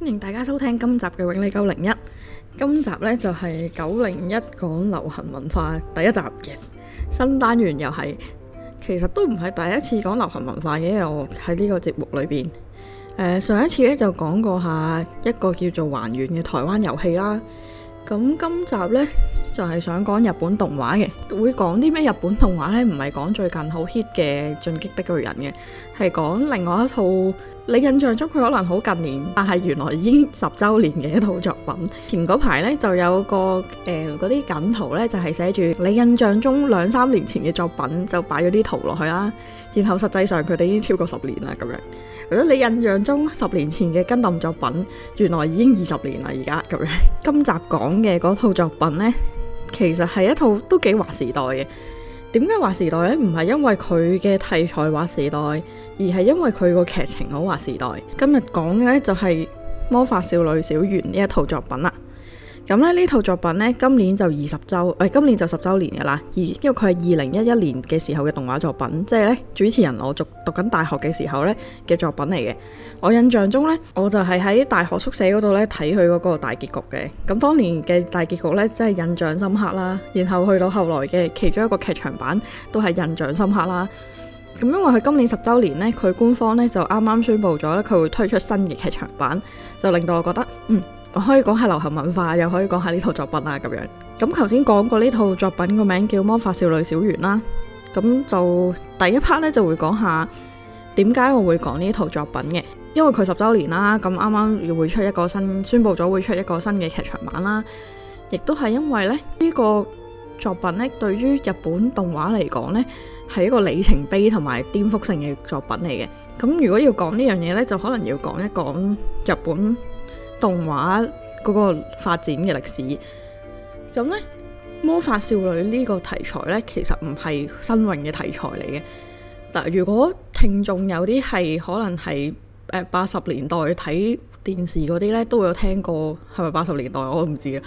歡迎大家收聽今集嘅永利九零一，今集呢就係九零一講流行文化第一集嘅、yes! 新單元又係，其實都唔係第一次講流行文化嘅，因我喺呢個節目裏邊、呃，上一次咧就講過一下一個叫做還原嘅台灣遊戲啦。咁今集呢，就係、是、想講日本動畫嘅，會講啲咩日本動畫呢？唔係講最近好 hit 嘅《進擊的巨人》嘅，係講另外一套你印象中佢可能好近年，但係原來已經十周年嘅一套作品。前嗰排呢，就有個誒嗰啲梗圖呢，就係寫住你印象中兩三年前嘅作品就擺咗啲圖落去啦，然後實際上佢哋已經超過十年啦咁樣。覺得你印象中十年前嘅 Gundam 作品，原來已經二十年啦，而家咁樣。今集講嘅嗰套作品呢，其實係一套都幾劃時代嘅。點解劃時代呢？唔係因為佢嘅題材劃時代，而係因為佢個劇情好劃時代。今日講嘅呢，就係、是《魔法少女小圓》呢一套作品啦。咁呢套作品呢、哎，今年就二十周、誒今年就十周年嘅啦。而因為佢係二零一一年嘅時候嘅動畫作品，即係呢主持人我讀讀緊大學嘅時候呢嘅作品嚟嘅。我印象中呢，我就係喺大學宿舍嗰度呢睇佢嗰個大結局嘅。咁當年嘅大結局呢，真係印象深刻啦。然後去到後來嘅其中一個劇場版都係印象深刻啦。咁因為佢今年十週年呢，佢官方呢就啱啱宣布咗佢會推出新嘅劇場版，就令到我覺得嗯。我可以講下流行文化，又可以講下呢套作品啊咁樣。咁頭先講過呢套作品個名叫《魔法少女小圓》啦。咁就第一 part 咧就會講下點解我會講呢套作品嘅，因為佢十週年啦。咁啱啱會出一個新，宣布咗會出一個新嘅劇場版啦。亦都係因為咧呢個作品咧對於日本動畫嚟講咧係一個里程碑同埋顛覆性嘅作品嚟嘅。咁如果要講呢樣嘢咧，就可能要講一講日本動畫嗰個發展嘅歷史，咁咧魔法少女呢個題材咧，其實唔係新穎嘅題材嚟嘅。嗱，如果聽眾有啲係可能係誒八十年代睇電視嗰啲咧，都有聽過係咪？八十年代，我唔知啦。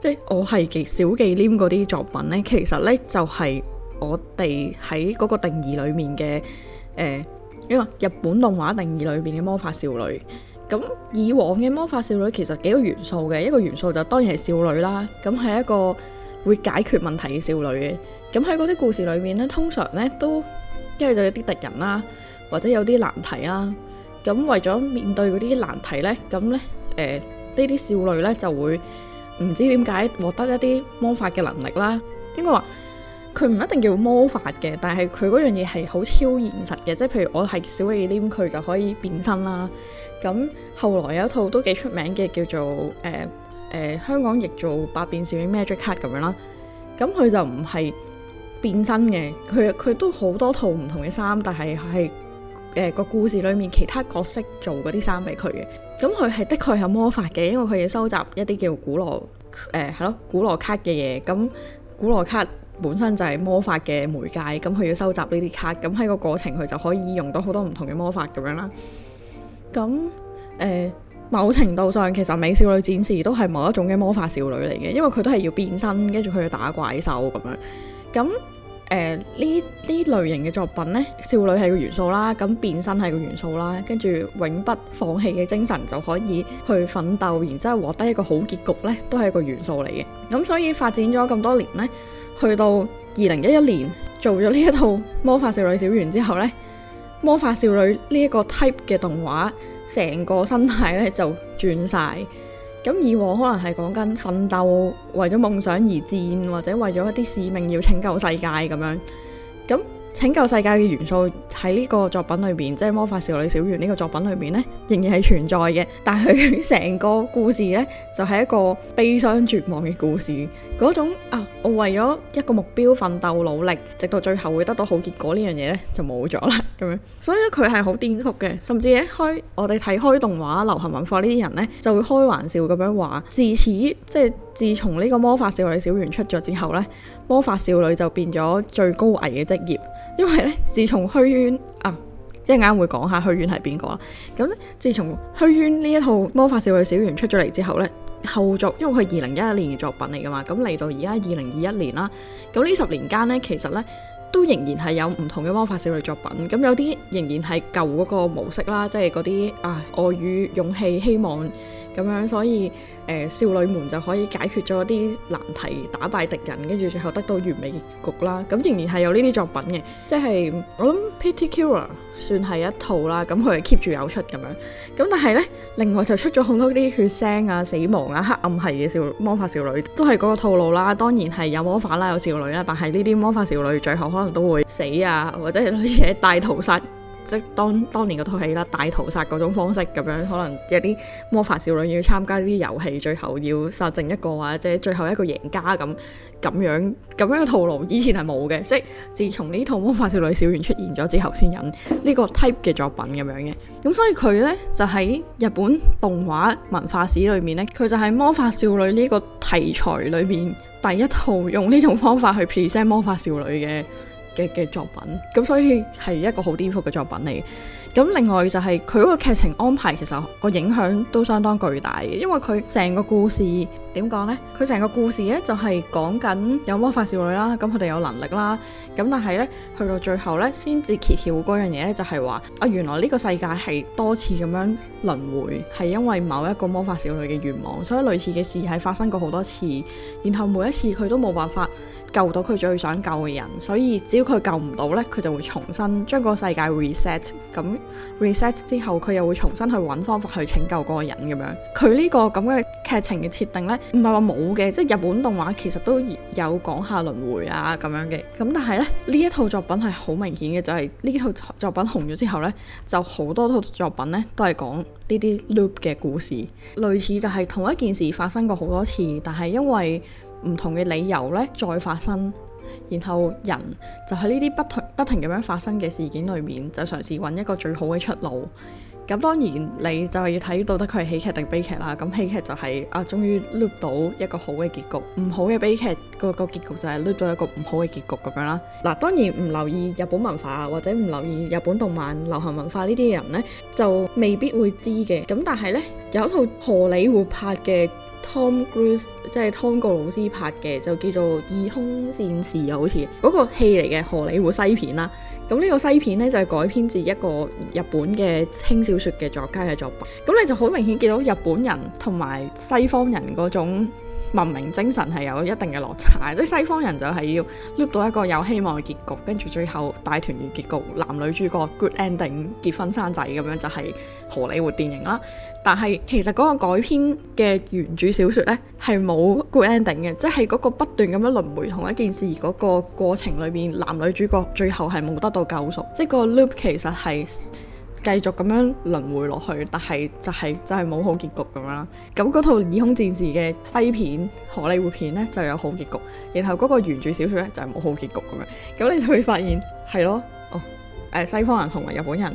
即係我係極少記念嗰啲作品咧，其實咧就係、是、我哋喺嗰個定義裏面嘅誒一個日本動畫定義裏面嘅魔法少女。咁以往嘅魔法少女其實幾個元素嘅，一個元素就當然係少女啦，咁係一個會解決問題嘅少女嘅。咁喺嗰啲故事裏面咧，通常咧都一係就有啲敵人啦，或者有啲難題啦。咁為咗面對嗰啲難題咧，咁咧誒呢啲少女咧就會唔知點解獲得一啲魔法嘅能力啦。點講話？佢唔一定叫魔法嘅，但係佢嗰樣嘢係好超現實嘅，即係譬如我係小忌廉，咁佢就可以變身啦。咁後來有一套都幾出名嘅，叫做誒誒、呃呃、香港譯做《百變小櫻 Magic Card》咁樣啦。咁佢就唔係變身嘅，佢佢都好多套唔同嘅衫，但係係誒個故事裡面其他角色做嗰啲衫俾佢嘅。咁佢係的確係魔法嘅，因為佢要收集一啲叫古羅誒，係咯，古羅卡嘅嘢。咁古羅卡。本身就係魔法嘅媒介，咁佢要收集呢啲卡，咁喺個過程佢就可以用到好多唔同嘅魔法咁樣啦。咁誒、呃，某程度上其實美少女戰士都係某一種嘅魔法少女嚟嘅，因為佢都係要變身，跟住佢要打怪獸咁樣。咁誒呢啲類型嘅作品呢，少女係個元素啦，咁變身係個元素啦，跟住永不放棄嘅精神就可以去奮鬥，然之後獲得一個好結局呢，都係一個元素嚟嘅。咁所以發展咗咁多年呢。去到二零一一年做咗呢一套魔法少女小圓之後，呢魔法少女呢一個 type 嘅動畫成個生態咧就轉曬。咁以往可能係講緊奮鬥，為咗夢想而戰，或者為咗一啲使命要拯救世界咁樣。這樣拯救世界嘅元素喺呢個作品裏邊，即係《魔法少女小圓》呢個作品裏面呢，仍然係存在嘅。但佢成個故事呢，就係一個悲傷絕望嘅故事。嗰種啊，我為咗一個目標奮鬥努力，直到最後會得到好結果呢樣嘢呢，就冇咗啦咁樣。所以咧，佢係好顛覆嘅。甚至一開我哋睇開動畫、流行文化呢啲人呢，就會開玩笑咁樣話：自此，即係自從呢個《魔法少女小圓》出咗之後呢。」魔法少女就變咗最高危嘅職業，因為咧，自從虛淵啊，一陣間會講下虛淵係邊個啊？咁咧，自從虛淵呢一套魔法少女小圓出咗嚟之後咧，後續因為佢係二零一一年嘅作品嚟㗎嘛，咁嚟到而家二零二一年啦，咁呢十年間咧，其實咧都仍然係有唔同嘅魔法少女作品，咁有啲仍然係舊嗰個模式啦，即係嗰啲啊，愛與勇氣、希望。咁樣，所以誒、呃、少女們就可以解決咗啲難題，打敗敵人，跟住最後得到完美結局啦。咁仍然係有呢啲作品嘅，即係我諗《Pretty Cure》算係一套啦，咁佢係 keep 住有出咁樣。咁但係呢，另外就出咗好多啲血腥啊、死亡啊、黑暗系嘅魔魔法少女，都係嗰個套路啦。當然係有魔法啦，有少女啦，但係呢啲魔法少女最後可能都會死啊，或者係女嘢大屠殺。當當年嗰套戲啦，大屠殺嗰種方式咁樣，可能有啲魔法少女要參加呢啲遊戲，最後要殺剩一個或者最後一個贏家咁咁樣咁樣嘅套路，以前係冇嘅，即係自從呢套魔法少女小圓出現咗之後，先引呢個 type 嘅作品咁樣嘅。咁所以佢呢，就喺日本動畫文化史裏面呢，佢就係魔法少女呢個題材裏面第一套用呢種方法去 present 魔法少女嘅。嘅嘅作品，咁所以係一個好顛覆嘅作品嚟。咁另外就係佢嗰個劇情安排，其實個影響都相當巨大嘅。因為佢成個故事點講咧？佢成個故事咧就係講緊有魔法少女啦，咁佢哋有能力啦，咁但係咧去到最後咧先至揭曉嗰樣嘢咧就係話啊，原來呢個世界係多次咁樣輪迴，係因為某一個魔法少女嘅願望，所以類似嘅事係發生過好多次。然後每一次佢都冇辦法。救到佢最想救嘅人，所以只要佢救唔到呢，佢就會重新將個世界 reset。咁 reset 之後，佢又會重新去揾方法去拯救嗰個人咁樣，佢呢個咁嘅劇情嘅設定呢，唔係話冇嘅，即係日本動畫其實都有講下輪回啊咁樣嘅。咁但係呢，呢一套作品係好明顯嘅，就係呢套作品紅咗之後呢，就好多套作品呢，都係講呢啲 loop 嘅故事，類似就係同一件事發生過好多次，但係因為，唔同嘅理由咧，再發生，然後人就喺呢啲不同不停咁樣發生嘅事件裏面，就嘗試揾一個最好嘅出路。咁當然你就係要睇到得佢係喜劇定悲劇啦。咁喜劇就係、是、啊，終於碌到一個好嘅結局，唔好嘅悲劇個個結局就係碌到一個唔好嘅結局咁樣啦。嗱，當然唔留意日本文化或者唔留意日本動漫、流行文化呢啲人呢，就未必會知嘅。咁但係呢，有一套荷里活拍嘅。Tom 湯告魯斯即係湯告魯斯拍嘅就叫做《異空戰士》好似嗰、那個戲嚟嘅荷里活西片啦。咁呢個西片呢，就係、是、改編自一個日本嘅輕小說嘅作家嘅作品。咁你就好明顯見到日本人同埋西方人嗰種文明精神係有一定嘅落差。即、就、係、是、西方人就係要 loop 到一個有希望嘅結局，跟住最後大團圓結,結局，男女主角 good ending 結婚生仔咁樣就係、是、荷里活電影啦。但係其實嗰個改編嘅原著小說呢，係冇 good ending 嘅，即係嗰個不斷咁樣輪迴同一件事，而嗰個過程裏面男女主角最後係冇得到救贖，即係個 loop 其實係繼續咁樣輪迴落去，但係就係、是、就係、是、冇好結局咁樣啦。咁嗰套《異空戰士》嘅西片荷里活片呢，就有好結局，然後嗰個原著小說呢，就係、是、冇好結局咁樣。咁你就會發現係咯，哦誒西方人同埋日本人。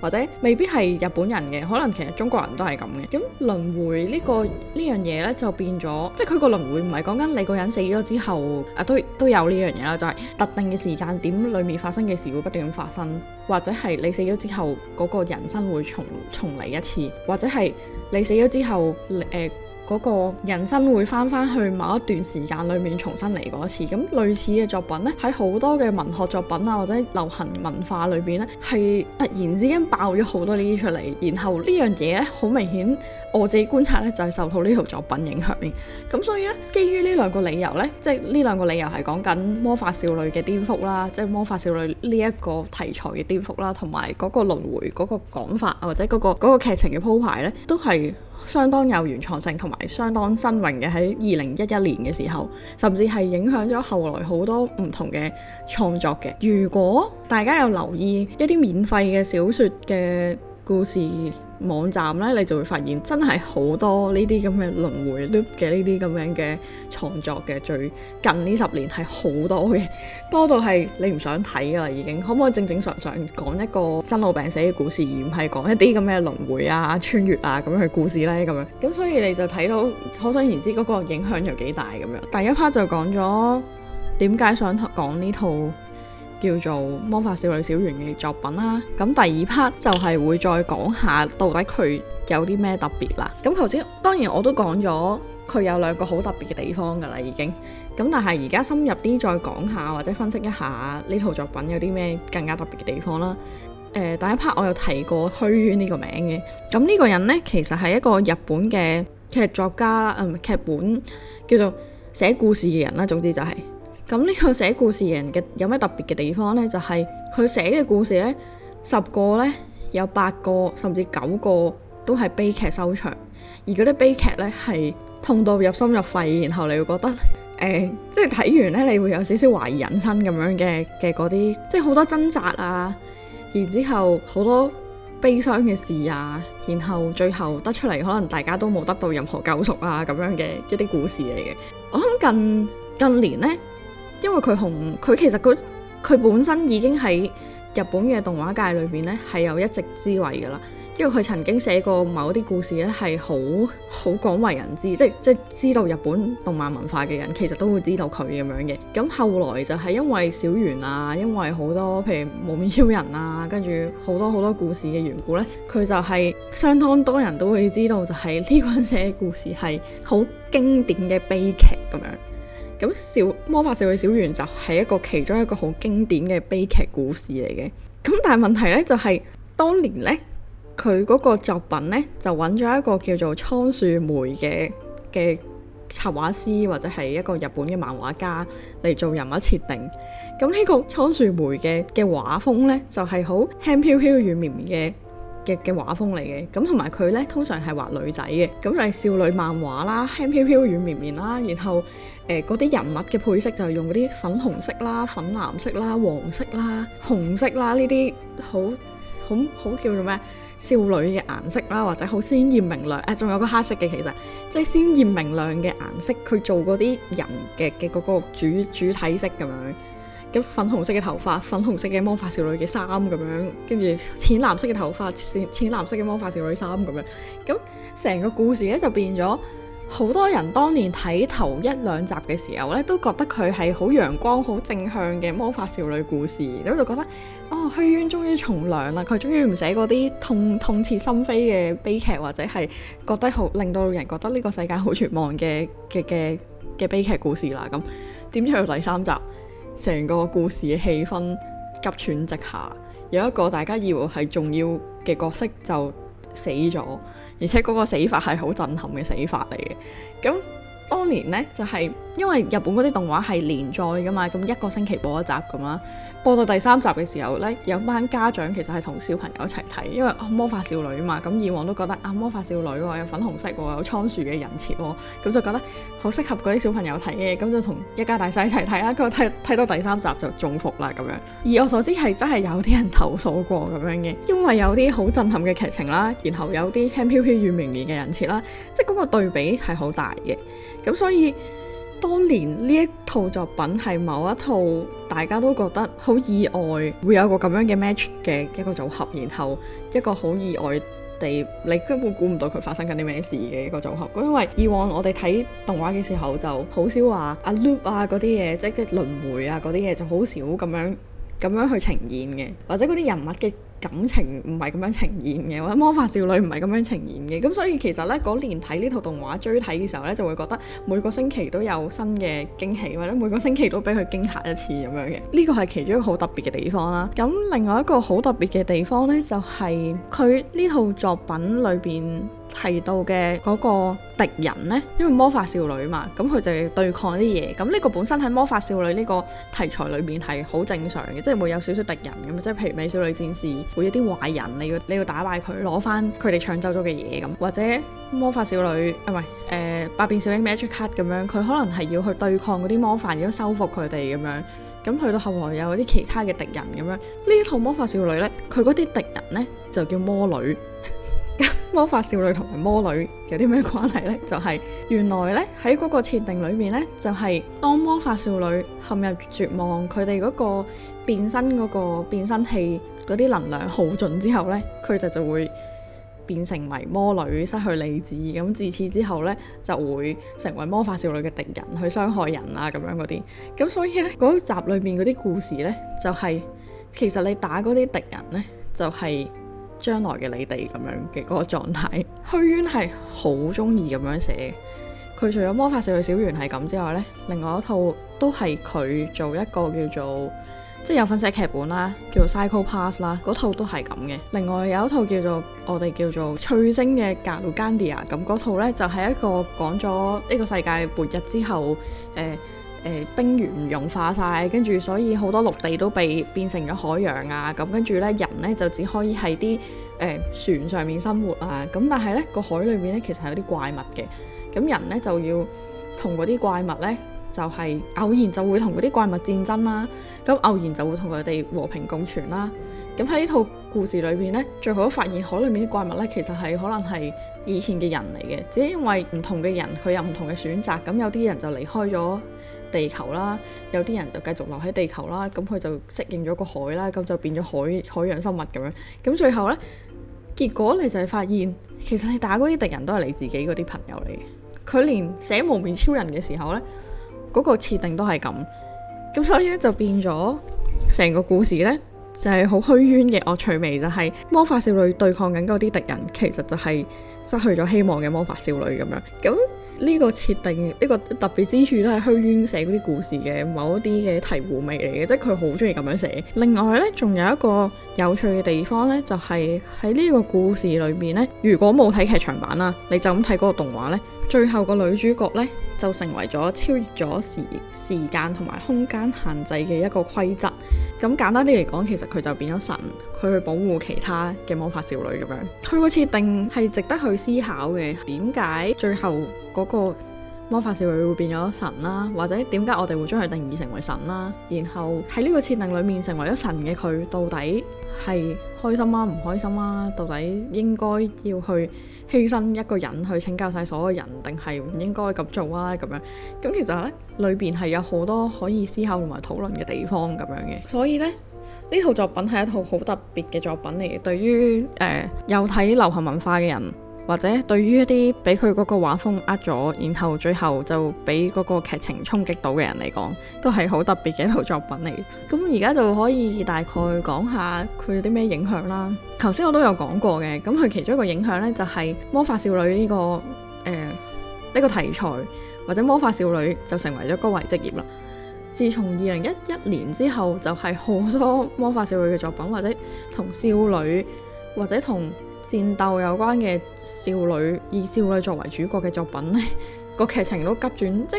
或者未必係日本人嘅，可能其實中國人都係咁嘅。咁輪迴、這個這個、呢個呢樣嘢咧，就變咗，即係佢個輪迴唔係講緊你個人死咗之後，誒、啊、都都有呢樣嘢啦，就係、是、特定嘅時間點裡面發生嘅事會不斷咁發生，或者係你死咗之後嗰、那個人生會重重嚟一次，或者係你死咗之後誒。嗰個人生會翻翻去某一段時間裏面重新嚟過一次。咁類似嘅作品呢，喺好多嘅文學作品啊，或者流行文化裏邊呢，係突然之間爆咗好多呢啲出嚟。然後呢樣嘢呢，好明顯我自己觀察呢，就係受到呢套作品影響。咁所以呢，基於呢兩個理由呢，即係呢兩個理由係講緊魔法少女嘅顛覆啦，即係魔法少女呢一個題材嘅顛覆啦，同埋嗰個輪迴嗰個講法或者嗰個嗰個劇情嘅鋪排呢，都係。相當有原創性同埋相當新穎嘅。喺二零一一年嘅時候，甚至係影響咗後來好多唔同嘅創作嘅。如果大家有留意一啲免費嘅小說嘅故事網站咧，你就會發現真係好多呢啲咁嘅輪迴 loop 嘅呢啲咁樣嘅創作嘅，最近呢十年係好多嘅，多到係你唔想睇噶啦已經。可唔可以正正常常講一個生老病死嘅故事，而唔係講一啲咁嘅輪迴啊、穿越啊咁樣嘅故事呢？咁樣？咁所以你就睇到，可想而知嗰個影響有幾大咁樣。第一 part 就講咗點解想講呢套。叫做《魔法少女小圓》嘅作品啦，咁第二 part 就係會再講下到底佢有啲咩特別啦。咁頭先當然我都講咗佢有兩個好特別嘅地方噶啦，已經。咁但係而家深入啲再講下或者分析一下呢套作品有啲咩更加特別嘅地方啦。誒、呃，第一 part 我有提過虛淵呢、這個名嘅，咁呢個人咧其實係一個日本嘅劇作家，唔、呃、劇本叫做寫故事嘅人啦，總之就係、是。咁呢個寫故事人嘅有咩特別嘅地方呢？就係佢寫嘅故事呢，十個呢，有八個甚至九個都係悲劇收場，而嗰啲悲劇呢，係痛到入心入肺，然後你會覺得，呃，即係睇完呢，你會有少少懷疑人生咁樣嘅嘅嗰啲，即係好多掙扎啊，然之後好多悲傷嘅事啊，然後最後得出嚟可能大家都冇得到任何救贖啊咁樣嘅一啲故事嚟嘅。我諗近近年呢。因為佢同，佢其實佢佢本身已經喺日本嘅動畫界裏邊咧係有一席之位噶啦。因為佢曾經寫過某啲故事咧係好好廣為人知，即即知道日本動漫文化嘅人其實都會知道佢咁樣嘅。咁後來就係因為小圓啊，因為好多譬如無面妖人啊，跟住好多好多故事嘅緣故咧，佢就係相當多人都會知道就係呢個人寫嘅故事係好經典嘅悲劇咁樣。咁小魔法少女小圓就係一個其中一個好經典嘅悲劇故事嚟嘅。咁但係問題呢，就係，當年呢，佢嗰個作品呢，就揾咗一個叫做倉樹梅嘅嘅插畫師或者係一個日本嘅漫畫家嚟做人物設定。咁呢個倉樹梅嘅嘅畫風呢，就係好輕飄飄、軟綿綿嘅嘅嘅畫風嚟嘅。咁同埋佢呢，通常係畫女仔嘅，咁就係少女漫畫啦，輕飄飄、軟綿綿啦，然後。誒嗰啲人物嘅配色就係用嗰啲粉紅色啦、粉藍色啦、黃色啦、紅色啦呢啲好好好叫做咩少女嘅顏色啦，或者好鮮豔明亮誒，仲、啊、有個黑色嘅其實即係、就是、鮮豔明亮嘅顏色，去做嗰啲人嘅嘅嗰個主主體色咁樣，咁粉紅色嘅頭髮、粉紅色嘅魔法少女嘅衫咁樣，跟住淺藍色嘅頭髮、淺淺藍色嘅魔法少女衫咁樣，咁成個故事咧就變咗。好多人當年睇頭一兩集嘅時候咧，都覺得佢係好陽光、好正向嘅魔法少女故事，咁就覺得哦，虛淵終於從良啦，佢終於唔寫嗰啲痛痛徹心扉嘅悲劇，或者係覺得好令到人覺得呢個世界好絕望嘅嘅嘅嘅悲劇故事啦咁。點知去到第三集，成個故事嘅氣氛急轉直下，有一個大家以為係重要嘅角色就死咗。而且嗰個死法係好震撼嘅死法嚟嘅。咁當年呢，就係、是、因為日本嗰啲動畫係連載㗎嘛，咁一個星期播一集㗎嘛。播到第三集嘅時候呢，有班家長其實係同小朋友一齊睇，因為、哦、魔法少女嘛，咁以往都覺得啊魔法少女喎、喔，有粉紅色喎、喔，有倉鼠嘅人設喎、喔，咁、這個、就覺得好適合嗰啲小朋友睇嘅，咁就同一家大細一齊睇啦。佢睇睇到第三集就中伏啦咁樣。而我所知係真係有啲人投訴過咁樣嘅，因為有啲好震撼嘅劇情啦，然後有啲輕飄飄與明年嘅人設啦，即係嗰個對比係好大嘅，咁所以。當年呢一套作品係某一套大家都覺得好意外，會有個咁樣嘅 match 嘅一個組合，然後一個好意外地，你根本估唔到佢發生緊啲咩事嘅一個組合。因為以往我哋睇動畫嘅時候就好少話阿 loop 啊嗰啲嘢，即係即係輪迴啊嗰啲嘢就好少咁樣咁樣去呈現嘅，或者嗰啲人物嘅感情唔係咁樣呈現嘅，或者魔法少女唔係咁樣呈現嘅，咁所以其實呢，嗰年睇呢套動畫追睇嘅時候呢，就會覺得每個星期都有新嘅驚喜，或者每個星期都俾佢驚嚇一次咁樣嘅。呢個係其中一個好特別嘅地方啦。咁另外一個好特別嘅地方呢，就係佢呢套作品裏邊，提到嘅嗰個敵人呢，因為魔法少女嘛，咁佢就對抗啲嘢。咁呢個本身喺魔法少女呢個題材裏面係好正常嘅，即係會有少少敵人咁，即係譬如美少女戰士會有啲壞人，你要你要打敗佢，攞翻佢哋搶走咗嘅嘢咁，或者魔法少女啊，唔係誒，百變小櫻 Magic Card 咁樣，佢可能係要去對抗嗰啲魔法，要收復佢哋咁樣。咁去到後來有啲其他嘅敵人咁樣，呢套魔法少女呢，佢嗰啲敵人呢，就叫魔女。魔法少女同埋魔女有啲咩關係呢？就係、是、原來呢，喺嗰個設定裏面呢，就係、是、當魔法少女陷入絕望，佢哋嗰個變身個變身器嗰啲能量耗盡之後呢，佢哋就會變成為魔女，失去理智。咁自此之後呢，就會成為魔法少女嘅敵人，去傷害人啊咁樣嗰啲。咁所以呢，嗰、那個、集裏面嗰啲故事呢，就係、是、其實你打嗰啲敵人呢，就係、是、將來嘅你哋咁樣嘅嗰個狀態，虛淵係好鍾意咁樣寫。佢除咗魔法少女小圓係咁之外呢，另外一套都係佢做一個叫做即係有份寫劇本啦，叫 Psycho Pass 啦，嗰套都係咁嘅。另外有一套叫做我哋叫做翠星嘅《Gargantia》，咁嗰套呢，就係一個講咗呢個世界末日之後誒、呃誒、呃、冰原融化晒，跟住所以好多陸地都被變成咗海洋啊。咁跟住咧，人咧就只可以喺啲誒船上面生活啊。咁但係咧，個海裏面咧其實係有啲怪物嘅。咁人咧就要同嗰啲怪物咧，就係、是、偶然就會同嗰啲怪物戰爭啦。咁偶然就會同佢哋和平共存啦。咁喺呢套故事裏邊咧，最後都發現海裏面啲怪物咧，其實係可能係以前嘅人嚟嘅。只因為唔同嘅人佢有唔同嘅選擇，咁有啲人就離開咗地球啦，有啲人就繼續留喺地球啦，咁佢就適應咗個海啦，咁就變咗海海洋生物咁樣。咁最後呢，結果你就係發現，其實你打嗰啲敵人都係你自己嗰啲朋友嚟。佢連寫蒙面超人嘅時候呢，嗰、那個設定都係咁。咁所以咧就變咗成個故事呢，就係、是、好虛淵嘅惡趣味就係、是、魔法少女對抗緊嗰啲敵人，其實就係失去咗希望嘅魔法少女咁樣。咁呢個設定，呢個特別之處都係虛淵寫嗰啲故事嘅某一啲嘅醍醐味嚟嘅，即係佢好鍾意咁樣寫。另外呢，仲有一個有趣嘅地方呢，就係喺呢個故事裏面呢，如果冇睇劇場版啦，你就咁睇嗰個動畫呢，最後個女主角呢，就成為咗超越咗時時間同埋空間限制嘅一個規則。咁簡單啲嚟講，其實佢就變咗神，佢去保護其他嘅魔法少女咁樣。佢個設定係值得去思考嘅。點解最後嗰個魔法少女會變咗神啦？或者點解我哋會將佢定義成為神啦？然後喺呢個設定裡面成為咗神嘅佢，到底係開心啊，唔開心啊？到底應該要去？犧牲一個人去拯救晒所有人，定係唔應該咁做啊？咁樣，咁其實咧，裏邊係有好多可以思考同埋討論嘅地方咁樣嘅。所以咧，呢套作品係一套好特別嘅作品嚟嘅。對於誒、呃、有睇流行文化嘅人。或者對於一啲俾佢嗰個畫風呃咗，然後最後就俾嗰個劇情衝擊到嘅人嚟講，都係好特別嘅一套作品嚟。咁而家就可以大概講下佢有啲咩影響啦。頭先我都有講過嘅，咁佢其中一個影響呢，就係魔法少女呢個誒呢個題材，或者魔法少女就成為咗高危職業啦。自從二零一一年之後，就係好多魔法少女嘅作品，或者同少女或者同戰鬥有關嘅少女，以少女作為主角嘅作品咧， 個劇情都急轉，即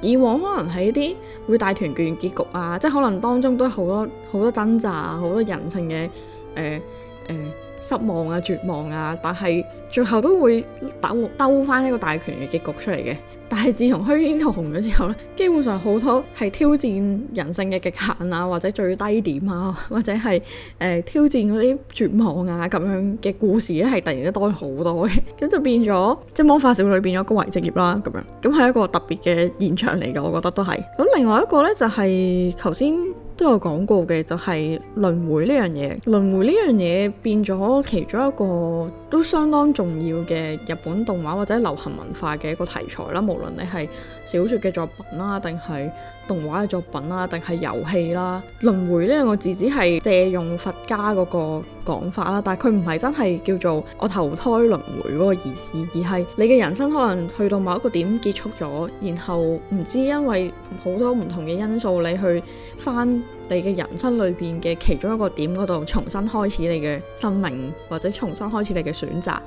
以往可能喺啲會大團圓結局啊，即係可能當中都好多好多掙扎啊，好多人性嘅誒誒。呃呃失望啊、絕望啊，但係最後都會兜兜返一個大權嘅結局出嚟嘅。但係自從虛淵紅咗之後咧，基本上好多係挑戰人性嘅極限啊，或者最低點啊，或者係誒、呃、挑戰嗰啲絕望啊咁樣嘅故事咧，係突然都多咗好多嘅。咁 就變咗即、就係、魔法少女變變咗高危職業啦，咁樣。咁係一個特別嘅現場嚟嘅。我覺得都係。咁另外一個咧就係頭先，都有講過嘅就係、是、輪迴呢樣嘢，輪迴呢樣嘢變咗其中一個都相當重要嘅日本動畫或者流行文化嘅一個題材啦。無論你係小説嘅作品啦、啊，定係，動畫嘅作品啦，定係遊戲啦。輪迴呢兩個字只係借用佛家嗰個講法啦，但係佢唔係真係叫做我投胎輪迴嗰個意思，而係你嘅人生可能去到某一個點結束咗，然後唔知因為好多唔同嘅因素，你去返你嘅人生裏邊嘅其中一個點嗰度重新開始你嘅生命，或者重新開始你嘅選擇。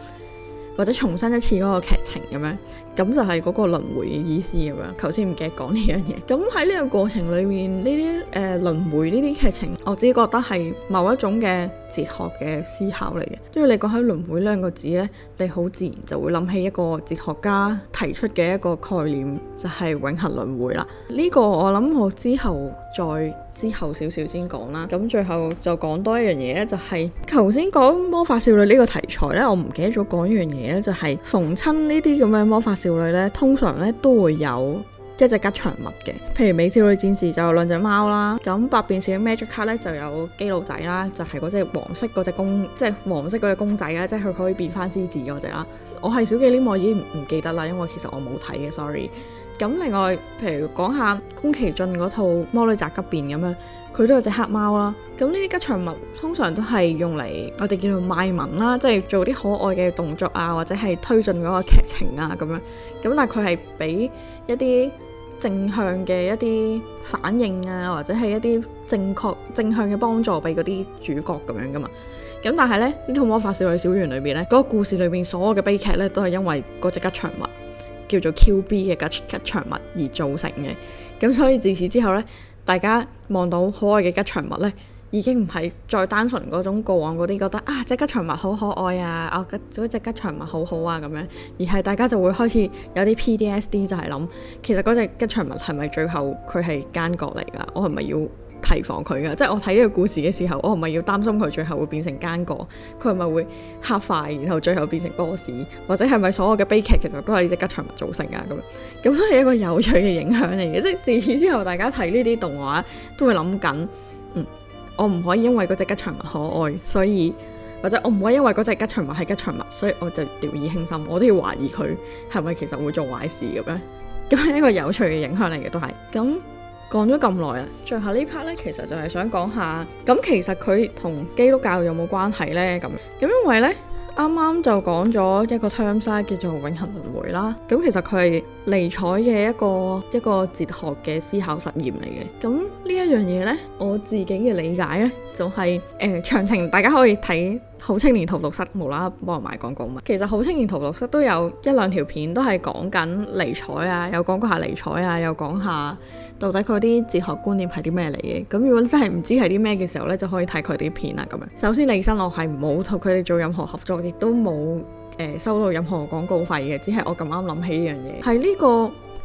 或者重申一次嗰個劇情咁樣，咁就係嗰個輪迴嘅意思咁樣。頭先唔記得講呢樣嘢。咁喺呢個過程裏面，呢啲誒輪迴呢啲劇情，我自己覺得係某一種嘅哲學嘅思考嚟嘅。因為你講起「輪迴」兩個字呢，你好自然就會諗起一個哲學家提出嘅一個概念，就係永恆輪迴啦。呢個我諗我之後再。之後少少先講啦，咁最後就講多一樣嘢咧，就係頭先講魔法少女呢個題材呢，我唔記得咗講一樣嘢呢，就係逢親呢啲咁嘅魔法少女呢，通常呢都會有一隻吉祥物嘅，譬如美少女戰士就有兩隻貓啦，咁百變小櫻 Magic 卡呢就有基佬仔啦，就係嗰隻黃色嗰隻公，即係黃色嗰隻公仔啦，即係佢可以變翻獅子嗰隻啦。我係小記念，我已經唔記得啦，因為其實我冇睇嘅，sorry。咁另外，譬如講下宮崎駿嗰套《魔女宅急便》咁樣，佢都有隻黑貓啦。咁呢啲吉祥物通常都係用嚟我哋叫做賣萌啦，即係做啲可愛嘅動作啊，或者係推進嗰個劇情啊咁樣。咁但係佢係俾一啲正向嘅一啲反應啊，或者係一啲正確正向嘅幫助俾嗰啲主角咁樣噶嘛。咁但係咧，呢套《魔法少女小圓》裏邊咧，嗰個故事裏邊所有嘅悲劇咧，都係因為嗰隻吉祥物。叫做 QB 嘅吉，吉祥物而造成嘅，咁所以自此之後呢，大家望到可愛嘅吉祥物呢，已經唔係再單純嗰種過往嗰啲覺得啊，隻吉祥物好可愛啊，啊吉，隻吉祥物好好啊咁樣，而係大家就會開始有啲 PDSD 就係諗，其實嗰隻吉祥物係咪最後佢係奸角嚟㗎？我係咪要？提防佢㗎，即係我睇呢個故事嘅時候，我係咪要擔心佢最後會變成奸角？佢係咪會黑化，然後最後變成 boss？或者係咪所有嘅悲劇其實都係呢隻吉祥物造成㗎咁樣？咁都係一個有趣嘅影響嚟嘅，即係自此之後大家睇呢啲動畫都會諗緊，嗯，我唔可以因為嗰隻吉祥物可愛，所以或者我唔可以因為嗰隻吉祥物係吉祥物，所以我就掉以輕心，我都要懷疑佢係咪其實會做壞事咁樣？咁係一個有趣嘅影響嚟嘅都係。咁講咗咁耐啦，最後呢 part 咧，其實就係想講下，咁其實佢同基督教有冇關係咧？咁因為咧，啱啱就講咗一個 t e 叫做永恆輪回啦。咁其實佢係尼采嘅一個哲學嘅思考實驗嚟嘅。咁呢一樣嘢咧，我自己嘅理解咧，就係誒長情，大家可以睇。好青年荼毒室無啦啦幫人賣廣告嘛。其實好青年荼毒室都有一兩條片都係講緊尼采啊，有講過下尼采啊，又講、啊、又講下到底佢啲哲學觀念係啲咩嚟嘅。咁如果真係唔知係啲咩嘅時候呢，就可以睇佢啲片啊咁樣。首先，利申我係冇同佢哋做任何合作，亦都冇誒收到任何廣告費嘅，只係我咁啱諗起呢樣嘢。喺呢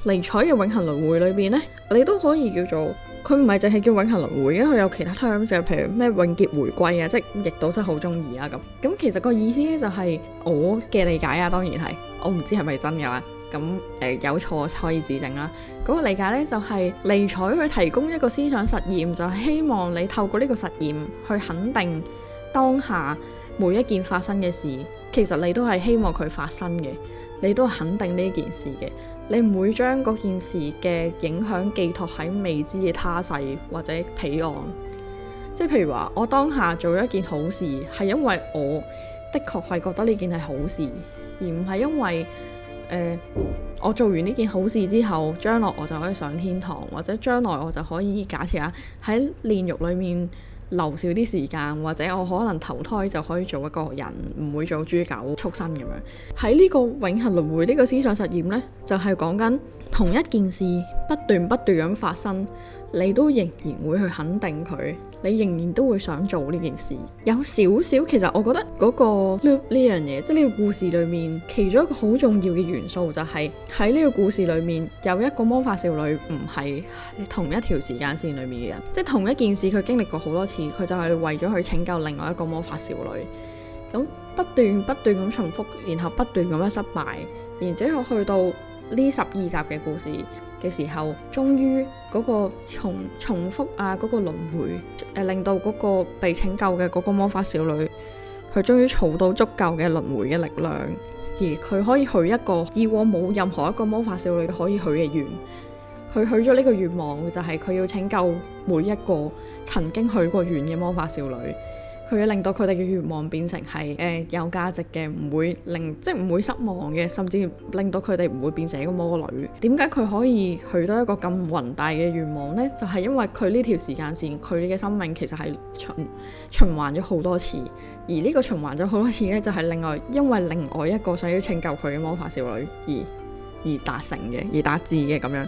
個尼采嘅永恆輪迴裏邊咧，你都可以叫做。佢唔係淨係叫揾下輪迴，因為佢有其他 t e 就譬如咩永劫回歸啊，即係譯到真係好中意啊咁。咁其實個意思咧就係、是、我嘅理解啊，當然係我唔知係咪真㗎啦。咁誒、呃、有錯可以指正啦。嗰、那個理解咧就係嚟採去提供一個思想實驗，就係、是、希望你透過呢個實驗去肯定當下每一件發生嘅事，其實你都係希望佢發生嘅，你都肯定呢件事嘅。你唔會將嗰件事嘅影響寄託喺未知嘅他世或者彼岸，即係譬如話，我當下做咗一件好事，係因為我的確係覺得呢件係好事，而唔係因為誒、呃、我做完呢件好事之後，將來我就可以上天堂，或者將來我就可以假設下喺煉獄裡面。留少啲時間，或者我可能投胎就可以做一個人，唔會做豬狗畜生咁樣。喺呢個永恆輪迴呢個思想實驗呢，就係講緊同一件事不斷不斷咁發生。你都仍然會去肯定佢，你仍然都會想做呢件事。有少少其實我覺得嗰個 loop 呢樣嘢，即係呢個故事裏面其中一個好重要嘅元素就係喺呢個故事裏面有一個魔法少女唔係同一條時間線裡面嘅人，即係同一件事佢經歷過好多次，佢就係為咗去拯救另外一個魔法少女。咁不斷不斷咁重複，然後不斷咁樣失敗，然之後去到呢十二集嘅故事嘅時候，終於嗰個重重複啊，嗰個輪迴令到嗰個被拯救嘅嗰個魔法少女，佢終於儲到足夠嘅輪迴嘅力量，而佢可以許一個以往冇任何一個魔法少女可以許嘅願。佢許咗呢個願望，就係佢要拯救每一個曾經許過願嘅魔法少女。佢令到佢哋嘅願望變成係誒、呃、有價值嘅，唔會令即係唔會失望嘅，甚至令到佢哋唔會變成一個魔女。點解佢可以去到一個咁宏大嘅願望呢？就係、是、因為佢呢條時間線，佢嘅生命其實係循循環咗好多次，而呢個循環咗好多次呢，就係、是、另外因為另外一個想要拯救佢嘅魔法少女而而達成嘅，而達至嘅咁樣。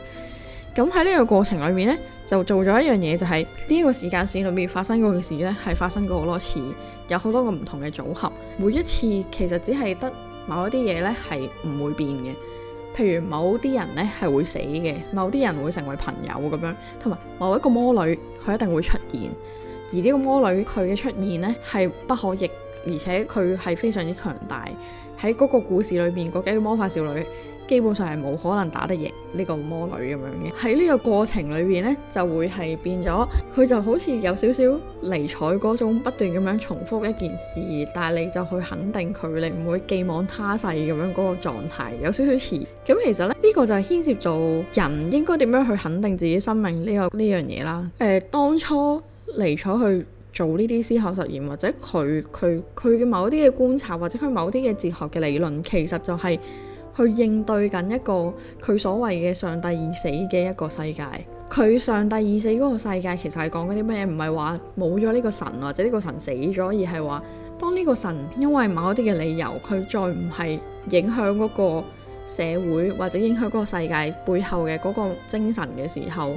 咁喺呢個過程裏面呢，就做咗一樣嘢，就係、是、呢個時間線裏面發生過嘅事，呢係發生過好多次，有好多個唔同嘅組合。每一次其實只係得某一啲嘢呢係唔會變嘅，譬如某啲人呢係會死嘅，某啲人會成為朋友咁樣，同埋某一個魔女佢一定會出現。而呢個魔女佢嘅出現呢係不可逆，而且佢係非常之強大。喺嗰個故事裏面，嗰幾個魔法少女。基本上係冇可能打得贏呢個魔女咁樣嘅。喺呢個過程裏邊呢，就會係變咗佢就好似有少少尼采嗰種不斷咁樣重複一件事，但係你就去肯定佢，你唔會寄望他世咁樣嗰個狀態，有少少似。咁其實呢，呢、呢個就係牽涉到人應該點樣去肯定自己生命呢、呢個呢樣嘢啦。誒、呃，當初尼采去做呢啲思考實驗，或者佢佢佢嘅某啲嘅觀察，或者佢某啲嘅哲學嘅理論，其實就係、係，去應對緊一個佢所謂嘅上帝已死嘅一個世界。佢上帝已死嗰個世界其實係講嗰啲咩？唔係話冇咗呢個神或者呢個神死咗，而係話當呢個神因為某一啲嘅理由，佢再唔係影響嗰個社會或者影響嗰個世界背後嘅嗰個精神嘅時候，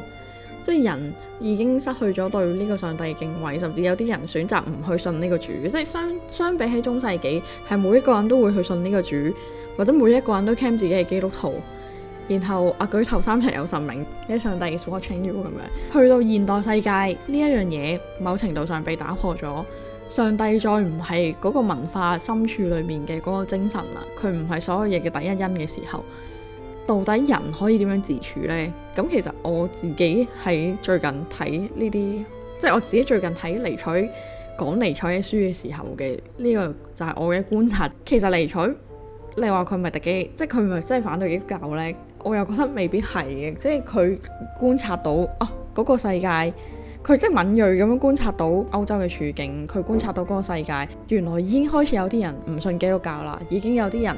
即係人已經失去咗對呢個上帝嘅敬畏，甚至有啲人選擇唔去信呢個主。即係相相比起中世紀，係每一個人都會去信呢個主。或者每一個人都 claim 自己係基督徒，然後阿、啊、舉頭三尺有神明，嘅上帝 watching you 咁樣。去到現代世界呢一樣嘢，某程度上被打破咗。上帝再唔係嗰個文化深處裏面嘅嗰個精神啦，佢唔係所有嘢嘅第一因嘅時候，到底人可以點樣自處呢？咁其實我自己喺最近睇呢啲，即、就、係、是、我自己最近睇尼采講尼采嘅書嘅時候嘅呢、這個就係我嘅觀察。其實尼采。你話佢唔係特幾，即係佢唔係真係反對基督教咧？我又覺得未必係嘅，即係佢觀察到啊嗰個世界。佢即係敏銳咁樣觀察到歐洲嘅處境，佢觀察到嗰個世界原來已經開始有啲人唔信基督教啦，已經有啲人誒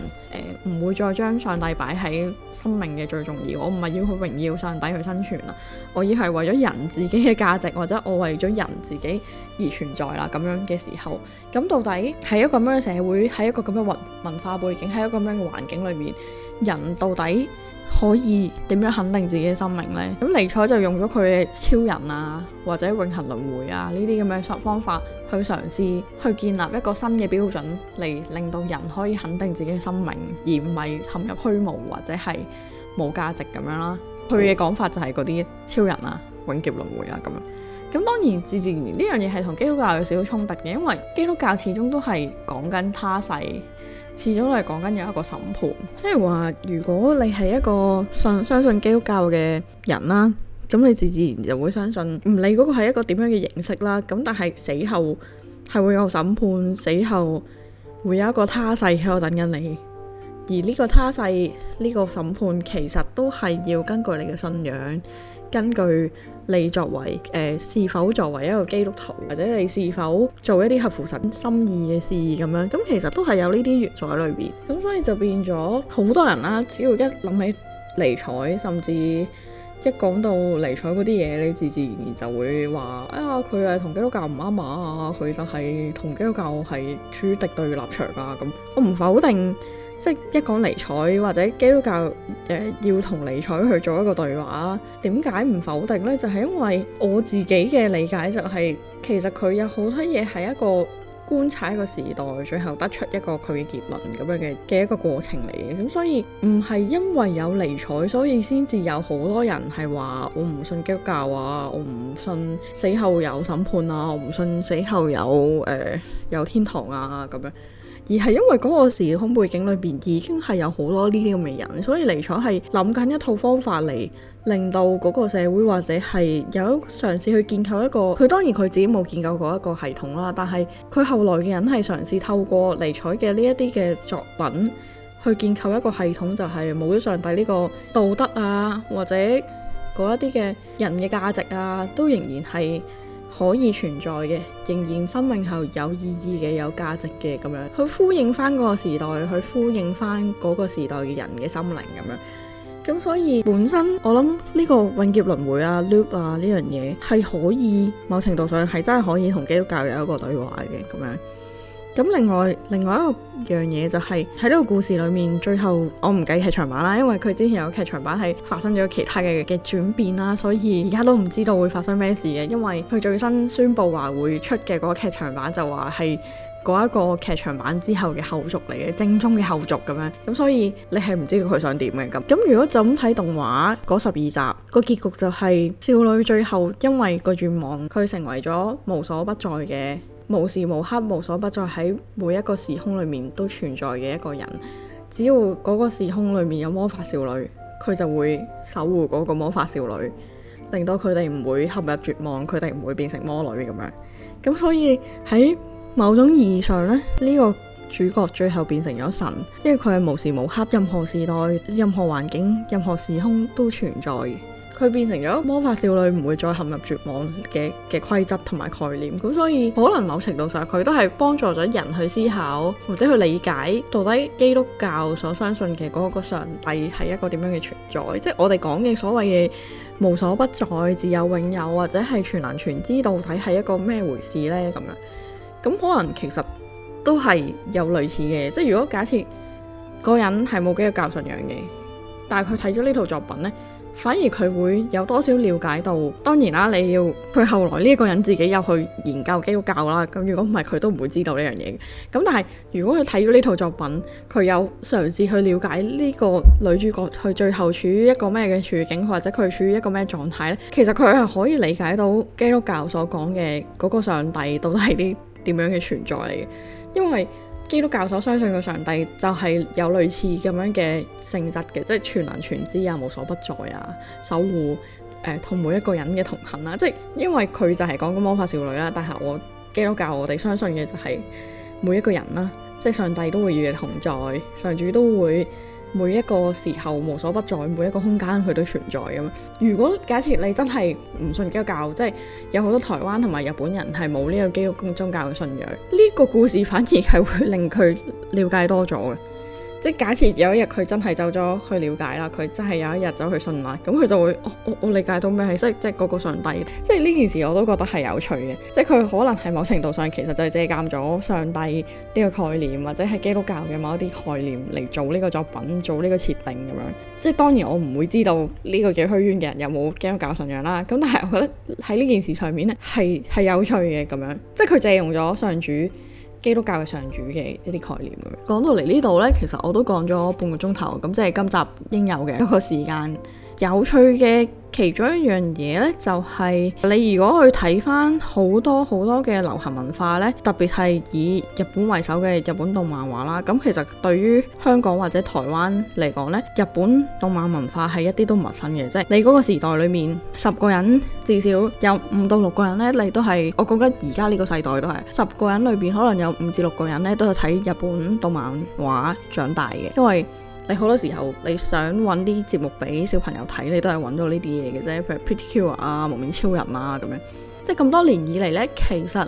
唔、呃、會再將上帝擺喺生命嘅最重要。我唔係要去榮耀上帝去生存啦，我而係為咗人自己嘅價值，或者我為咗人自己而存在啦。咁樣嘅時候，咁到底喺一個咁樣嘅社會，喺一個咁樣嘅文文化背景，喺一個咁樣嘅環境裏面，人到底可以點樣肯定自己嘅生命呢？咁尼采就用咗佢嘅超人啊，或者永恆輪迴啊呢啲咁嘅方法去嘗試去建立一個新嘅標準，嚟令到人可以肯定自己嘅生命，而唔係陷入虛無或者係冇價值咁樣啦。佢嘅講法就係嗰啲超人啊、永劫輪迴啊咁樣。咁當然自自然然呢樣嘢係同基督教有少少衝突嘅，因為基督教始終都係講緊他世。始終都係講緊有一個審判，即係話如果你係一個信、相信基督教嘅人啦，咁你自自然就會相信，唔理嗰個係一個點樣嘅形式啦，咁但係死後係會有審判，死後會有一個他世喺度等緊你，而呢個他世，呢個審判其實都係要根據你嘅信仰。根據你作為誒、呃、是否作為一個基督徒，或者你是否做一啲合乎神心意嘅事咁樣，咁其實都係有呢啲元素喺裏邊。咁所以就變咗好多人啦、啊，只要一諗起尼采，甚至一講到尼采嗰啲嘢，你自自然然就會話：啊、哎，佢係同基督教唔啱啊，佢就係同基督教係處於敵對立場㗎、啊、咁。我唔否定。即一講尼采或者基督教誒，要同尼采去做一個對話，點解唔否定呢？就係、是、因為我自己嘅理解就係、是，其實佢有好多嘢係一個觀察一個時代，最後得出一個佢嘅結論咁樣嘅嘅一個過程嚟嘅。咁所以唔係因為有尼采，所以先至有好多人係話我唔信基督教啊，我唔信死後有審判啊，我唔信死後有誒、呃、有天堂啊咁樣。而係因為嗰個時空背景裏邊已經係有好多呢啲咁嘅人，所以尼采係諗緊一套方法嚟令到嗰個社會或者係有嘗試去建構一個，佢當然佢自己冇建構過一個系統啦，但係佢後來嘅人係嘗試透過尼采嘅呢一啲嘅作品去建構一個系統，就係冇咗上帝呢個道德啊，或者嗰一啲嘅人嘅價值啊，都仍然係，可以存在嘅，仍然生命後有意義嘅，有價值嘅，咁樣去呼應翻嗰個時代，去呼應翻嗰個時代嘅人嘅心靈，咁樣，咁所以本身我諗呢個永劫輪迴啊、loop 啊呢樣嘢係可以某程度上係真係可以同基督教有一個對話嘅咁樣。咁另外另外一個樣嘢就係喺呢個故事裏面，最後我唔計劇場版啦，因為佢之前有劇場版係發生咗其他嘅嘅轉變啦，所以而家都唔知道會發生咩事嘅，因為佢最新宣布話會出嘅嗰個劇場版就話係嗰一個劇場版之後嘅後續嚟嘅，正宗嘅後續咁樣，咁所以你係唔知道佢想點嘅咁。咁如果就咁睇動畫嗰十二集，個結局就係少女最後因為個願望，佢成為咗無所不在嘅。無時無刻，無所不在，喺每一個時空裏面都存在嘅一個人，只要嗰個時空裏面有魔法少女，佢就會守護嗰個魔法少女，令到佢哋唔會陷入絕望，佢哋唔會變成魔女咁樣。咁所以喺某種意義上咧，呢個主角最後變成咗神，因為佢係無時無刻，任何時代、任何環境、任何時空都存在。佢變成咗魔法少女唔會再陷入絕望嘅嘅規則同埋概念，咁所以可能某程度上佢都係幫助咗人去思考或者去理解到底基督教所相信嘅嗰個上帝係一個點樣嘅存在，即係我哋講嘅所謂嘅無所不在、自有永有或者係全能全知到底係一個咩回事呢？咁樣，咁可能其實都係有類似嘅，即係如果假設個人係冇呢個教信仰嘅，但係佢睇咗呢套作品呢。反而佢會有多少了解到？當然啦，你要佢後來呢個人自己又去研究基督教啦。咁如果唔係，佢都唔會知道呢樣嘢。咁但係如果佢睇咗呢套作品，佢有嘗試去了解呢個女主角，佢最後處於一個咩嘅處境，或者佢處於一個咩狀態咧？其實佢係可以理解到基督教所講嘅嗰個上帝到底係啲點樣嘅存在嚟嘅，因為。基督教所相信嘅上帝就係有類似咁樣嘅性質嘅，即係全能全知啊，無所不在啊，守護誒同、呃、每一個人嘅同行啦。即係因為佢就係講緊魔法少女啦，但係我基督教我哋相信嘅就係每一個人啦，即係上帝都會與你同在，上主都會。每一個時候無所不在，每一個空間佢都存在咁樣。如果假設你真係唔信基督教，即係有好多台灣同埋日本人係冇呢個基督教宗教嘅信仰，呢個故事反而係會令佢了解多咗嘅。即係假設有一日佢真係走咗去了解啦，佢真係有一日走去信啦，咁佢就會，我、哦、我、哦、我理解到咩係，即即個個上帝，即係呢件事我都覺得係有趣嘅，即係佢可能係某程度上其實就係借鑑咗上帝呢個概念，或者係基督教嘅某一啲概念嚟做呢個作品，做呢個設定咁樣。即係當然我唔會知道呢個叫虛淵嘅人有冇基督教信仰啦，咁但係我覺得喺呢件事上面咧係係有趣嘅咁樣，即係佢借用咗上主。基督教嘅上主嘅一啲概念咁樣，講到嚟呢度咧，其實我都講咗半個鐘頭，咁即係今集應有嘅一個時間。有趣嘅其中一樣嘢呢，就係、是、你如果去睇翻好多好多嘅流行文化呢，特別係以日本為首嘅日本動漫畫啦，咁其實對於香港或者台灣嚟講呢，日本動漫文化係一啲都唔陌生嘅，即係你嗰個時代裏面十個人至少有五到六個人呢，你都係我覺得而家呢個世代都係十個人裏邊可能有五至六個人呢，都係睇日本動漫畫長大嘅，因為。你好多時候你想揾啲節目畀小朋友睇，你都係揾到呢啲嘢嘅啫，譬如 Pretty Cure 啊、蒙面超人啊咁樣。即係咁多年以嚟呢，其實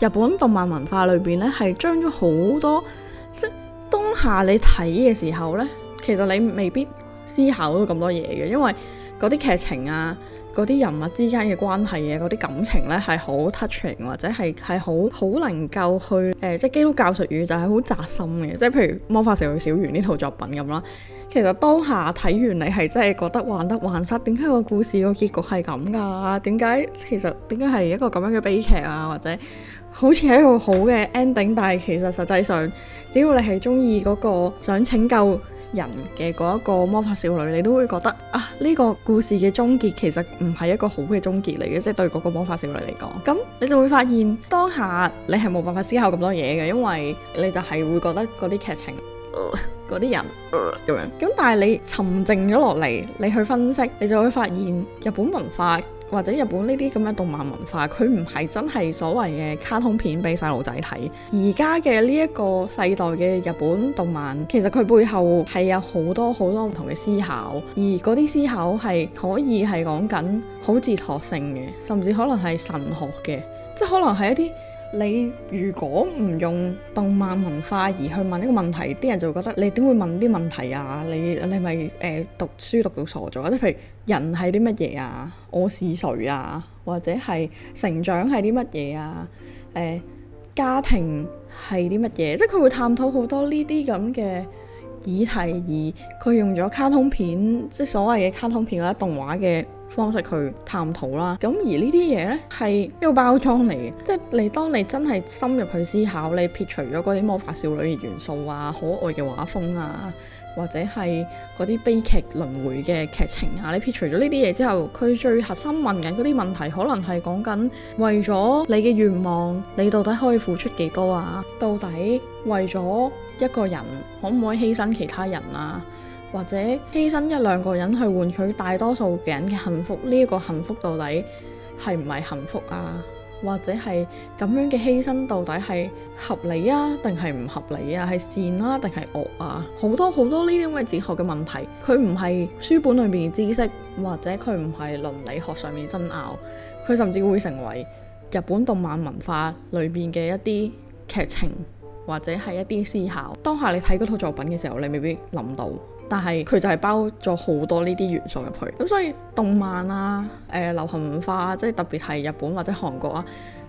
日本動漫文化裏邊呢，係將咗好多，即係當下你睇嘅時候呢，其實你未必思考到咁多嘢嘅，因為嗰啲劇情啊。嗰啲人物之間嘅關係嘅嗰啲感情咧，係好 touching 或者係係好好能夠去誒、呃、即係基督教術語就係好扎心嘅，即係譬如《魔法少女小圓》呢套作品咁啦。其實當下睇完你係真係覺得患得患失，點解個故事個結局係咁㗎？點解其實點解係一個咁樣嘅悲劇啊？或者好似係一個好嘅 ending，但係其實實際上只要你係鍾意嗰個想拯救。人嘅嗰一個魔法少女，你都會覺得啊呢、這個故事嘅終結其實唔係一個好嘅終結嚟嘅，即係對嗰個魔法少女嚟講，咁你就會發現當下你係冇辦法思考咁多嘢嘅，因為你就係會覺得嗰啲劇情、嗰、呃、啲人咁、呃、樣。咁但係你沉靜咗落嚟，你去分析，你就會發現日本文化。或者日本呢啲咁嘅動漫文化，佢唔係真係所謂嘅卡通片俾細路仔睇。而家嘅呢一個世代嘅日本動漫，其實佢背後係有好多好多唔同嘅思考，而嗰啲思考係可以係講緊好哲學性嘅，甚至可能係神學嘅，即可能係一啲。你如果唔用動漫文化而去問呢個問題，啲人就會覺得你點會問啲問題啊？你你係咪誒、呃、讀書讀到傻咗？即係譬如人係啲乜嘢啊？我是誰呀、啊？或者係成長係啲乜嘢啊、呃？家庭係啲乜嘢？即係佢會探討好多呢啲咁嘅議題，而佢用咗卡通片，即所謂嘅卡通片或者動畫嘅方式去探討啦，咁而呢啲嘢咧係一個包裝嚟嘅，即係你當你真係深入去思考，你撇除咗嗰啲魔法少女嘅元素啊、可愛嘅畫風啊，或者係嗰啲悲劇輪迴嘅劇情啊，你撇除咗呢啲嘢之後，佢最核心問緊嗰啲問題，可能係講緊為咗你嘅願望，你到底可以付出幾多啊？到底為咗一個人，可唔可以犧牲其他人啊？或者犧牲一兩個人去換取大多數人嘅幸福，呢個幸福到底係唔係幸福啊？或者係咁樣嘅犧牲到底係合理啊，定係唔合理啊？係善啊，定係惡啊？好多好多呢啲咁嘅哲學嘅問題，佢唔係書本裏面嘅知識，或者佢唔係倫理學上面爭拗，佢甚至會成為日本動漫文化裏面嘅一啲劇情，或者係一啲思考。當下你睇嗰套作品嘅時候，你未必諗到。但係佢就係包咗好多呢啲元素入去，咁所以動漫啊、誒、呃、流行文化啊，即係特別係日本或者韓國啊，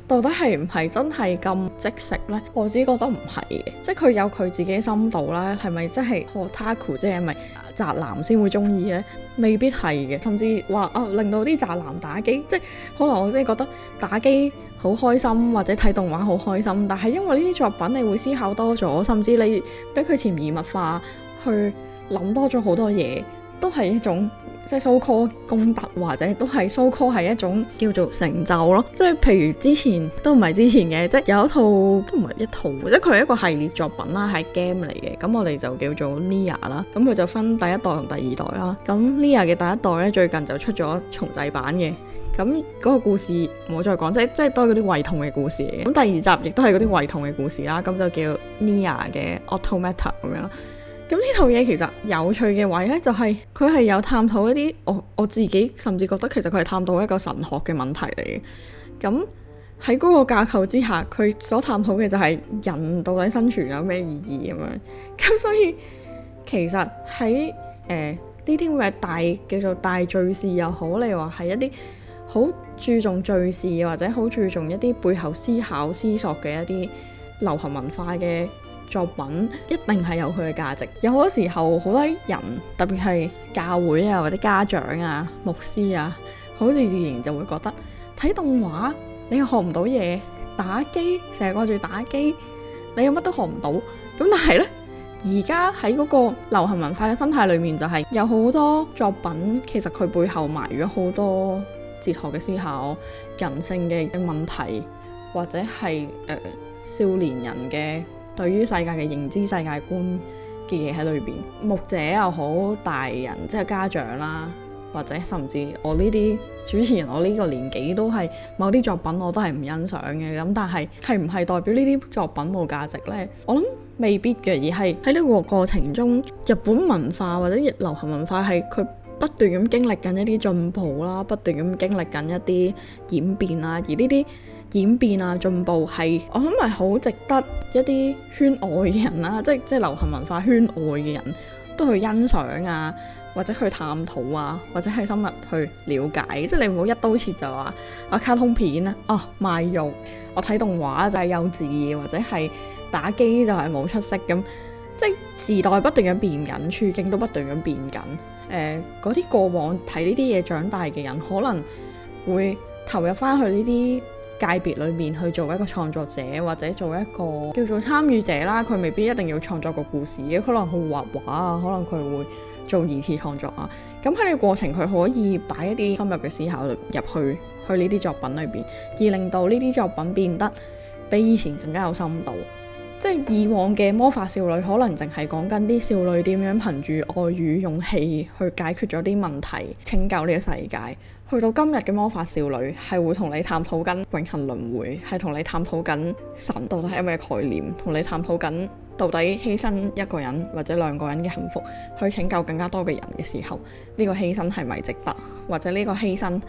到底係唔係真係咁即食咧？我自己覺得唔係嘅，即係佢有佢自己深度啦。係咪即係 otaku，即係咪宅男先會中意咧？未必係嘅，甚至話啊、哦，令到啲宅男打機，即係可能我真係覺得打機好開心或者睇動畫好開心，但係因為呢啲作品你會思考多咗，甚至你俾佢潛移默化去。諗多咗好多嘢，都係一種即係 so-called 功德，或者都係 so-called 係一種叫做成就咯。即係譬如之前都唔係之前嘅，即係有一套都唔係一套，即係佢係一個系列作品啦，係 game 嚟嘅。咁我哋就叫做 Nier 啦，咁佢就分第一代同第二代啦。咁 Nier 嘅第一代咧，最近就出咗重製版嘅。咁嗰個故事唔好再講，即係即係多嗰啲胃痛嘅故事嘅。咁第二集亦都係嗰啲胃痛嘅故事啦。咁就叫 Nier 嘅 Automata。咁呢套嘢其實有趣嘅位咧，就係佢係有探討一啲我我自己甚至覺得其實佢係探討一個神學嘅問題嚟嘅。咁喺嗰個架構之下，佢所探討嘅就係人到底生存有咩意義咁樣。咁所以其實喺誒呢啲咩大叫做大敘事又好，你話係一啲好注重敘事或者好注重一啲背後思考思索嘅一啲流行文化嘅。作品一定係有佢嘅價值。有好多時候，好多人特別係教會啊，或者家長啊、牧師啊，好似自然就會覺得睇動畫你又學唔到嘢，打機成日掛住打機，你又乜都學唔到。咁但係咧，而家喺嗰個流行文化嘅生態裏面，就係有好多作品其實佢背後埋咗好多哲學嘅思考、人性嘅嘅問題，或者係誒、呃、少年人嘅。對於世界嘅認知、世界觀嘅嘢喺裏邊，牧者又好，大人即係家長啦，或者甚至我呢啲主持人，我呢個年紀都係某啲作品我都係唔欣賞嘅。咁但係係唔係代表呢啲作品冇價值呢？我諗未必嘅，而係喺呢個過程中，日本文化或者流行文化係佢不斷咁經歷緊一啲進步啦，不斷咁經歷緊一啲演變啦，而呢啲。演變啊，進步係，我諗係好值得一啲圈外嘅人啦、啊，即係即係流行文化圈外嘅人都去欣賞啊，或者去探討啊，或者去深入去了解。即係你唔好一刀切就話啊，卡通片啊，哦賣肉，我睇動畫就係幼稚嘢，或者係打機就係冇出息咁。即係時代不斷咁變緊，處境都不斷咁變緊。誒、呃，嗰啲過往睇呢啲嘢長大嘅人，可能會投入翻去呢啲界別裏面去做一個創作者，或者做一個叫做參與者啦，佢未必一定要創作個故事嘅，可能佢會畫畫啊，可能佢會做二次創作啊。咁喺呢個過程，佢可以擺一啲深入嘅思考入去，去呢啲作品裏邊，而令到呢啲作品變得比以前更加有深度。即係以往嘅魔法少女，可能淨係講緊啲少女點樣憑住愛與勇氣去解決咗啲問題，拯救呢個世界。去到今日嘅魔法少女，係會同你探討緊永恆輪迴，係同你探討緊神到底係咩概念，同你探討緊到底犧牲一個人或者兩個人嘅幸福，去拯救更加多嘅人嘅時候，呢個犧牲係咪值得，或者呢個犧牲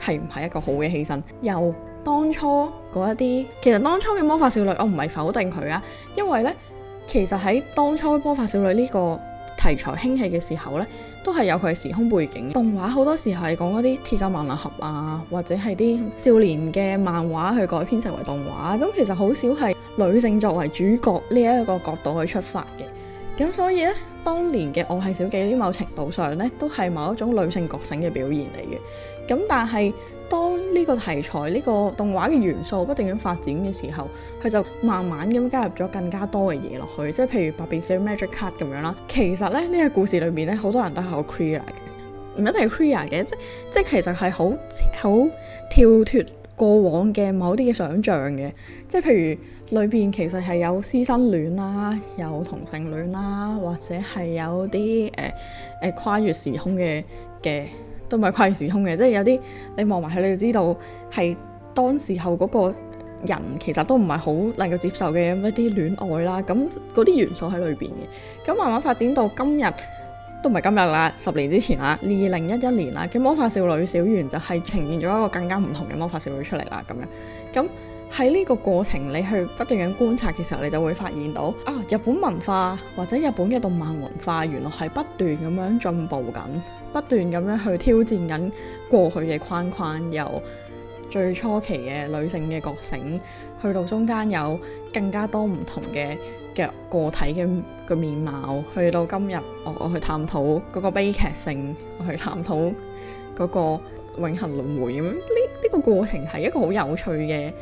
係唔係一個好嘅犧牲？又當初嗰一啲，其實當初嘅魔法少女，我唔係否定佢啊，因為咧，其實喺當初魔法少女呢個題材興起嘅時候咧，都係有佢嘅時空背景。動畫好多時係講嗰啲鐵甲萬能俠啊，或者係啲少年嘅漫畫去改編成為動畫，咁其實好少係女性作為主角呢一個角度去出發嘅。咁所以咧，當年嘅我係小忌廉喺某程度上咧，都係某一種女性覺醒嘅表現嚟嘅。咁但係，當呢個題材、呢個動畫嘅元素不斷咁發展嘅時候，佢就慢慢咁加入咗更加多嘅嘢落去，即係譬如《百變小櫻 Magic 咭》咁樣啦。其實咧，呢個故事裏面咧，好多人都係好 creative 嘅，唔一定係 creative 嘅，即即其實係好好跳脫過往嘅某啲嘅想像嘅，即係譬如裏邊其實係有師生戀啦，有同性戀啦，或者係有啲誒、呃呃、跨越時空嘅嘅。都唔係跨越時空嘅，即係有啲你望埋去，你就知道係當時候嗰個人其實都唔係好能夠接受嘅一啲戀愛啦，咁嗰啲元素喺裏邊嘅。咁慢慢發展到今日都唔係今日啦，十年之前啦，二零一一年啦嘅《魔法少女小圓》就係呈現咗一個更加唔同嘅魔法少女出嚟啦，咁樣咁。喺呢個過程，你去不斷咁樣觀察嘅時候，你就會發現到啊、哦，日本文化或者日本嘅動漫文化，原來係不斷咁樣進步緊，不斷咁樣去挑戰緊過去嘅框框，由最初期嘅女性嘅覺醒，去到中間有更加多唔同嘅嘅個體嘅個面貌，去到今日我我去探討嗰個悲劇性，我去探討嗰個永恆輪迴咁，呢呢、呢個過程係一個好有趣嘅。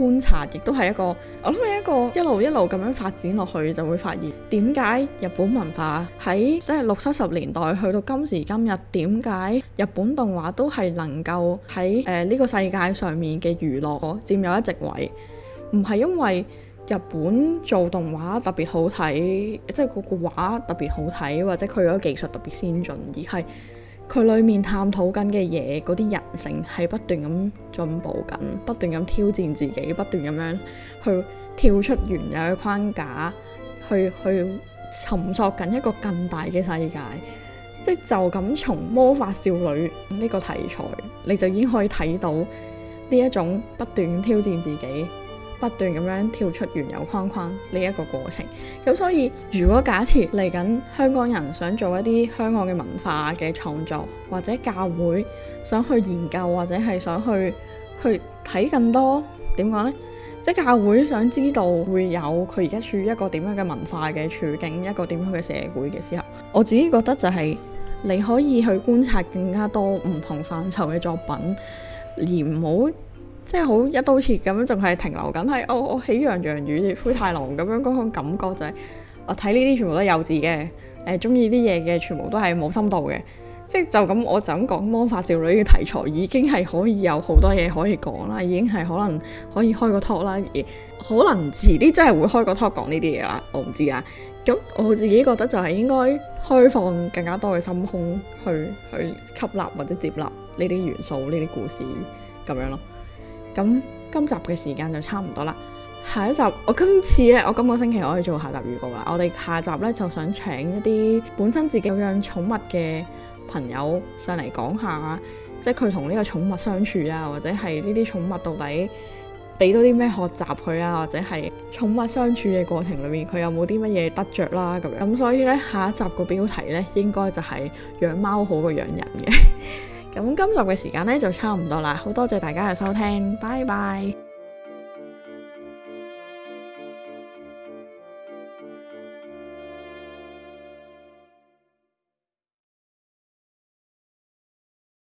觀察亦都係一個，我諗係一個一路一路咁樣發展落去，就會發現點解日本文化喺即係六七十年代去到今時今日，點解日本動畫都係能夠喺誒呢個世界上面嘅娛樂佔有一席位？唔係因為日本做動畫特別好睇，即係個個畫特別好睇，或者佢個技術特別先進，而係，佢裡面探討緊嘅嘢，嗰啲人性係不斷咁進步緊，不斷咁挑戰自己，不斷咁樣去跳出原有嘅框架，去去尋索緊一個更大嘅世界。即係就咁，是，從魔法少女呢個題材，你就已經可以睇到呢一種不斷挑戰自己。不斷咁樣跳出原有框框呢一個過程，咁所以如果假設嚟緊香港人想做一啲香港嘅文化嘅創作，或者教會想去研究或者係想去去睇更多點講呢？即係教會想知道會有佢而家處於一個點樣嘅文化嘅處境，一個點樣嘅社會嘅時候，我自己覺得就係，你可以去觀察更加多唔同範疇嘅作品，而唔好。即係好一刀切咁樣，仲係停留緊係、哦、我我喜羊羊與灰太狼咁樣嗰種感覺、就係，就係我睇呢啲全部都係幼稚嘅誒，中意啲嘢嘅全部都係冇深度嘅。即係就咁，我就咁講魔法少女嘅題材已經係可以有好多嘢可以講啦，已經係可能可以開個 talk 啦，而可能遲啲真係會開個 talk 講呢啲嘢啦。我唔知啊。咁我自己覺得就係應該開放更加多嘅心胸去去吸納或者接納呢啲元素、呢啲故事咁樣咯。咁今集嘅時間就差唔多啦，下一集我今次咧，我今個星期可以做下集預告啦。我哋下集咧就想請一啲本身自己養寵物嘅朋友上嚟講下，即係佢同呢個寵物相處啊，或者係呢啲寵物到底俾到啲咩學習佢啊，或者係寵物相處嘅過程裏面佢有冇啲乜嘢得着啦、啊、咁樣。咁所以咧下一集個標題咧應該就係養貓好過養人嘅。 咁今集嘅時間呢就差唔多啦，好多謝大家嘅收聽，拜拜。